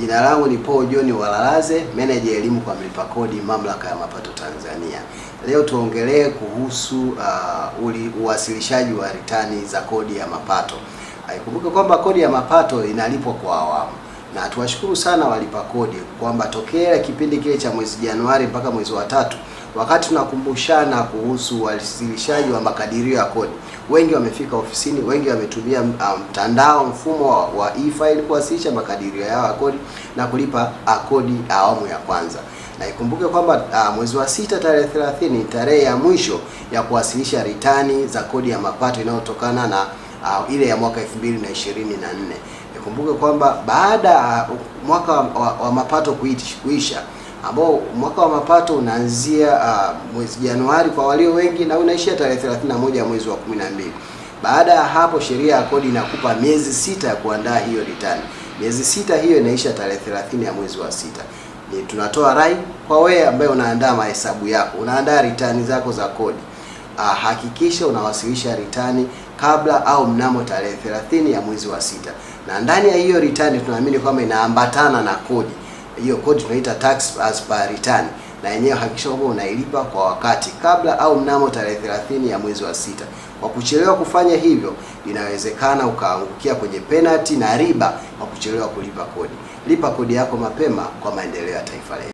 Jina langu ni Paul John Walalaze, meneja elimu kwa mlipa kodi Mamlaka ya Mapato Tanzania. Leo tuongelee kuhusu uh, uli, uwasilishaji wa ritani za kodi ya mapato. aikumbuke kwamba kodi ya mapato inalipwa kwa awamu tuwashukuru sana walipa kodi kwamba tokea kipindi kile cha mwezi Januari mpaka mwezi wa tatu wakati tunakumbushana kuhusu uwasilishaji wa makadirio ya kodi, wengi wamefika ofisini, wengi wametumia uh, mtandao, um, mfumo wa, wa e-file kuwasilisha makadirio yao ya kodi na kulipa uh, kodi awamu ya kwanza. Na ikumbuke kwamba uh, mwezi wa sita tarehe 30 tarehe ya mwisho ya kuwasilisha ritani za kodi ya mapato inayotokana na uh, ile ya mwaka 2024. Ikumbuke kwamba baada ya mwaka wa, wa, wa mapato kuisha ambao mwaka wa mapato unaanzia uh, mwezi Januari kwa walio wengi na unaishia tarehe 31 mwezi wa 12. Baada ya hapo sheria ya kodi inakupa miezi sita ya kuandaa hiyo return. Miezi sita hiyo inaisha tarehe 30 ya mwezi wa sita. Ni tunatoa rai kwa wewe ambaye unaandaa mahesabu yako, unaandaa return zako za kodi hakikisha unawasilisha ritani kabla au mnamo tarehe 30 ya mwezi wa sita, na ndani ya hiyo ritani tunaamini kwamba inaambatana na kodi. Hiyo kodi tunaita tax as per return, na yenyewe hakikisha kwamba unailipa kwa wakati kabla au mnamo tarehe 30 ya mwezi wa sita. Kwa kuchelewa kufanya hivyo, inawezekana ukaangukia kwenye penalty na riba kwa kuchelewa kulipa kodi. Lipa kodi yako mapema kwa maendeleo ya taifa letu.